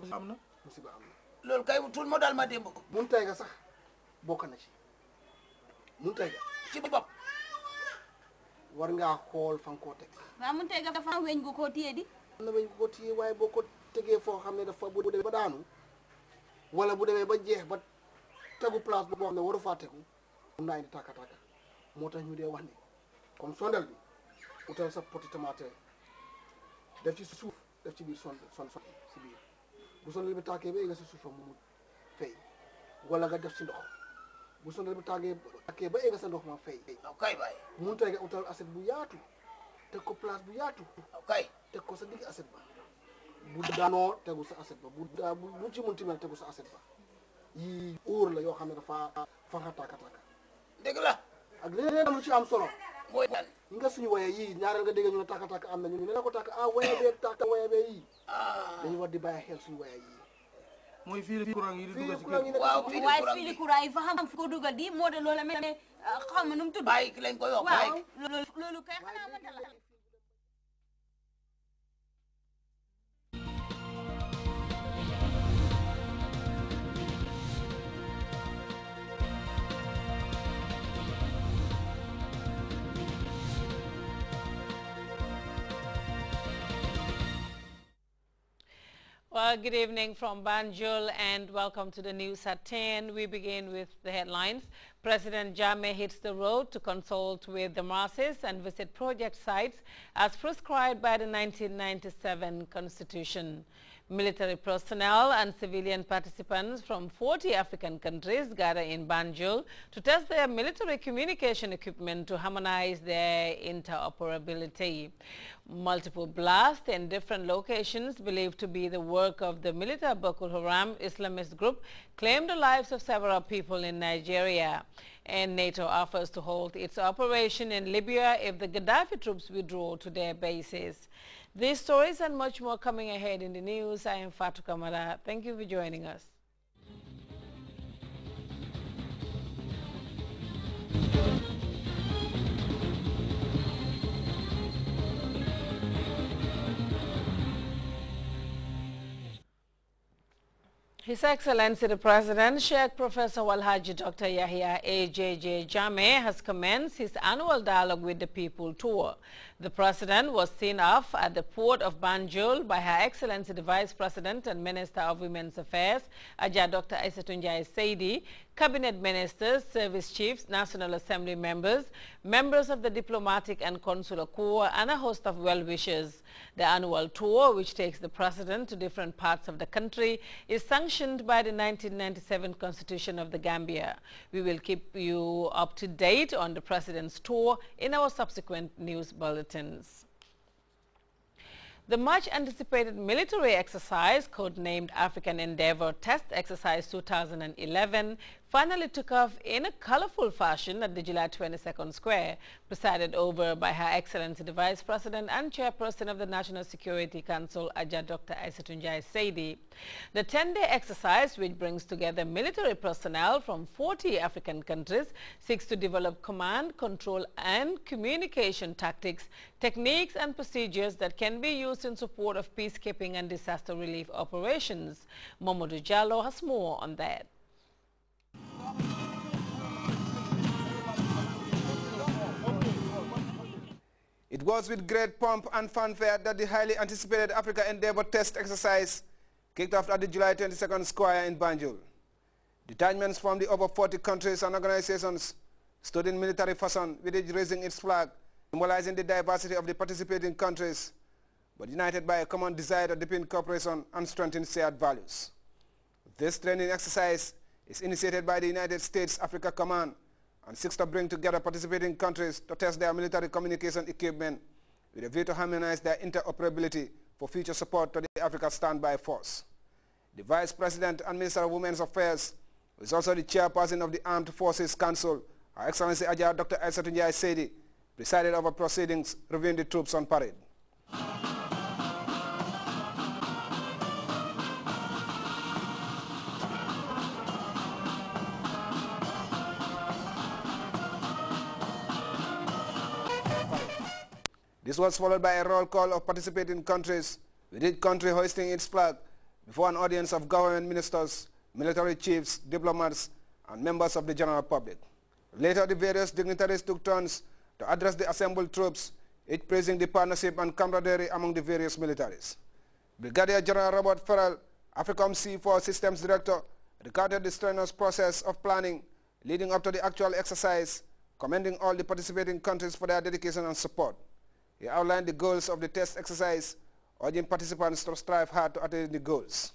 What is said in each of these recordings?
musiba am na musiba am na loolu kay tul moo daal ma démb ko mun tay ga sax bokk na ci mun ci teg waaw mun tay ga dafa weñ gu koo téye di na weñ koo téye waaye boo ko foo xam ne dafa bu demee ba daanu wala bu demee ba jeex ba tegu place boo xam ne waru faa tegu mun naa indi tàkka moo tax ñu dee wax ne comme sondel bi utal sa poti tomate def ci suuf def ci biir son son son si biir bu sonal bi tàkkee ba egg si suufam mu fay wala nga def si ndox bu sonal bi tàggee tàkkee ba egg sa ndox ma fay. ok baay mun tey nga utal assiette bu yaatu teg ko place bu yaatu. ok teg ko sa digg assiette ba. bu daanoo tegu sa assiette ba bu daa bu ci munti mel tegu sa assiette ba yii oor la yoo xam ne dafa fa nga tàkka tàkka. dëgg la. ak léeg-léeg lu ci am solo. mooy lan nga suñu waya yii ñaaral nga dégg ñu ne tàkk tàkk am na ñu ne la ko tàkk ah waya bee tàkk waya bee yii ah. dañu war di bàyyi xel suñu waya yii mooy fii courant yi di dugal ci kër waaw fii courant yi fa xam ko dugal di moo de loolu mel ne ah, xaw ma nu mu tudd bàyyi ki lañ ko yokk waaw loolu kay xanaa mënta la Well, good evening from Banjul and welcome to the news at 10. We begin with the headlines. President Jammeh hits the road to consult with the masses and visit project sites as prescribed by the 1997 Constitution. Military personnel and civilian participants from 40 African countries gather in Banjul to test their military communication equipment to harmonize their interoperability. Multiple blasts in different locations believed to be the work of the militant Boko Haram Islamist group claimed the lives of several people in Nigeria. And NATO offers to hold its operation in Libya if the Gaddafi troops withdraw to their bases. These stories and much more coming ahead in the news. I am Fatou Kamara. Thank you for joining us. His Excellency the President, Sheikh Professor Walhaji Dr. Yahya AJJ Jame has commenced his annual Dialogue with the People tour. The president was seen off at the port of Banjul by Her Excellency the Vice President and Minister of Women's Affairs, Ajah Dr. Isatunjai Saidi, cabinet ministers, service chiefs, National Assembly members, members of the diplomatic and consular corps, and a host of well-wishers. The annual tour, which takes the president to different parts of the country, is sanctioned by the 1997 Constitution of the Gambia. We will keep you up to date on the president's tour in our subsequent news bulletin. The much anticipated military exercise, codenamed African Endeavour Test Exercise 2011, finally took off in a colorful fashion at the July 22nd Square, presided over by Her Excellency the Vice President and Chairperson of the National Security Council, Aja Dr. Isatunjai Seidi. The 10-day exercise, which brings together military personnel from 40 African countries, seeks to develop command, control and communication tactics, techniques and procedures that can be used in support of peacekeeping and disaster relief operations. Momodu Jallo has more on that. It was with great pomp and fanfare that the highly anticipated Africa Endeavour test exercise kicked off at the July 22nd Square in Banjul. Detachments from the over 40 countries and organizations stood in military fashion with each raising its flag, symbolizing the diversity of the participating countries, but united by a common desire to deepen cooperation and strengthen shared values. This training exercise is initiated by the United States Africa Command and seeks to bring together participating countries to test their military communication equipment with a view to harmonize their interoperability for future support to the Africa Standby Force. The Vice President and Minister of Women's Affairs, who is also the chairperson of the Armed Forces Council, Her Excellency Ajah Dr. Elsa Tunjai Sedi, presided over proceedings reviewing the troops on parade. This was followed by a roll call of participating countries, with each country hoisting its flag before an audience of government ministers, military chiefs, diplomats, and members of the general public. Later, the various dignitaries took turns to address the assembled troops, each praising the partnership and camaraderie among the various militaries. Brigadier General Robert Farrell, AFRICOM C4 Systems Director, regarded the strenuous process of planning leading up to the actual exercise, commending all the participating countries for their dedication and support. He outlined the goals of the test exercise, urging participants to strive hard to attain the goals.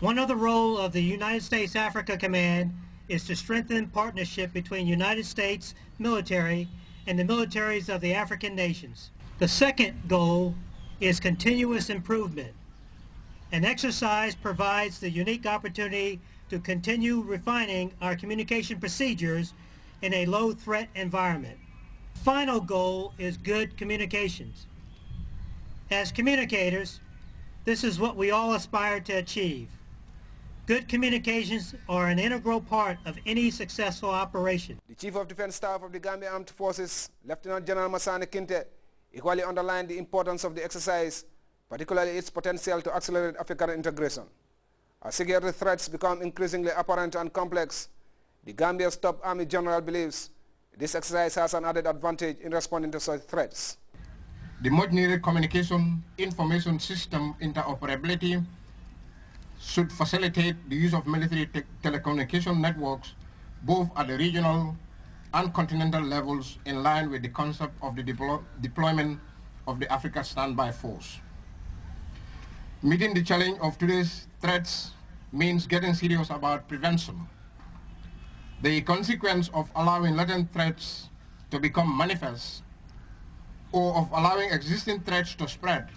One other role of the United States Africa Command is to strengthen partnership between United States military and the militaries of the African nations. The second goal is continuous improvement. An exercise provides the unique opportunity to continue refining our communication procedures in a low threat environment final goal is good communications. As communicators, this is what we all aspire to achieve. Good communications are an integral part of any successful operation. The Chief of Defense Staff of the Gambia Armed Forces, Lieutenant General Masani Kinte, equally underlined the importance of the exercise, particularly its potential to accelerate African integration. As security threats become increasingly apparent and complex, the Gambia's top Army General believes this exercise has an added advantage in responding to such threats. The much needed communication information system interoperability should facilitate the use of military te telecommunication networks both at the regional and continental levels in line with the concept of the deplo deployment of the Africa Standby Force. Meeting the challenge of today's threats means getting serious about prevention the consequence of allowing latent threats to become manifest or of allowing existing threats to spread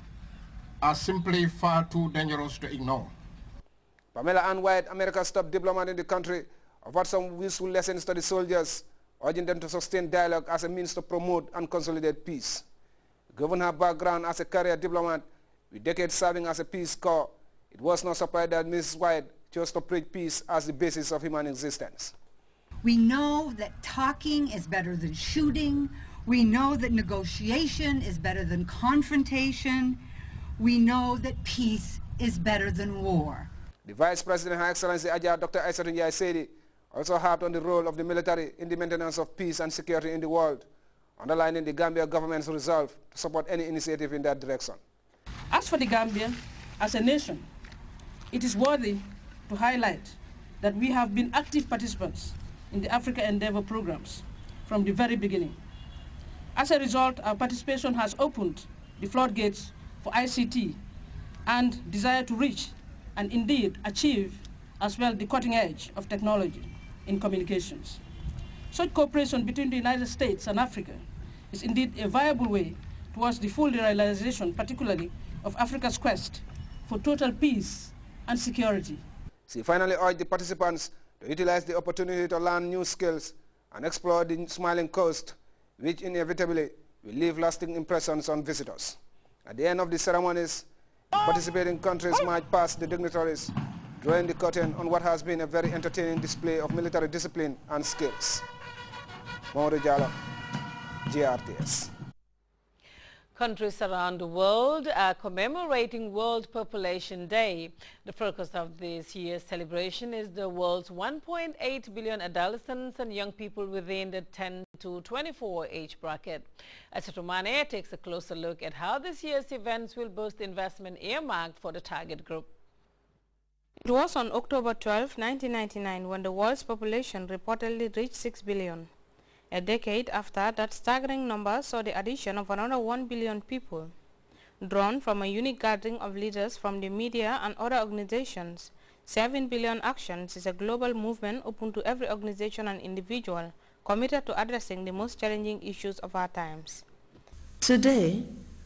are simply far too dangerous to ignore. Pamela Ann White, America's top diplomat in the country, offered some useful lessons to the soldiers, urging them to sustain dialogue as a means to promote and consolidate peace. Given her background as a career diplomat, with decades serving as a Peace Corps, it was not surprising that Mrs. White chose to preach peace as the basis of human existence. We know that talking is better than shooting. We know that negotiation is better than confrontation. We know that peace is better than war. The Vice President, Her Excellency Ajah Dr. Aissatou Ndiaye Sedi, also harped on the role of the military in the maintenance of peace and security in the world, underlining the Gambia government's resolve to support any initiative in that direction. As for the Gambia, as a nation, it is worthy to highlight that we have been active participants in the Africa Endeavor programs from the very beginning. As a result, our participation has opened the floodgates for ICT and desire to reach and indeed achieve as well the cutting edge of technology in communications. Such cooperation between the United States and Africa is indeed a viable way towards the full realization, particularly of Africa's quest for total peace and security. See, finally all the participants to utilize the opportunity to learn new skills and explore the smiling coast, which inevitably will leave lasting impressions on visitors. At the end of the ceremonies, participating countries might pass the dignitaries, drawing the curtain on what has been a very entertaining display of military discipline and skills. Mauro Jalo, GRTS. Countries around the world are uh, commemorating World Population Day. The focus of this year's celebration is the world's 1.8 billion adolescents and young people within the 10 to 24 age bracket. Asetumane takes a closer look at how this year's events will boost investment earmarked for the target group. It was on October 12, 1999 when the world's population reportedly reached 6 billion. A decade after, that staggering number saw the addition of another 1 billion people, drawn from a unique gathering of leaders from the media and other organizations. 7 Billion Actions is a global movement open to every organization and individual committed to addressing the most challenging issues of our times. Today,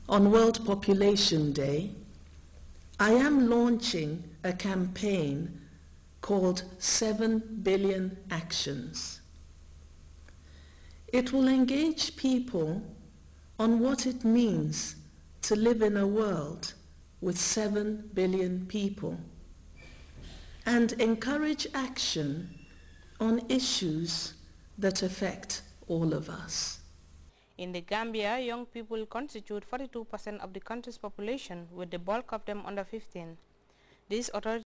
on World Population Day, I am launching a campaign called 7 Billion Actions. It will engage people on what it means to live in a world with 7 billion people and encourage action on issues that affect all of us. In the Gambia, young people constitute 42% of the country's population, with the bulk of them under 15. This authorities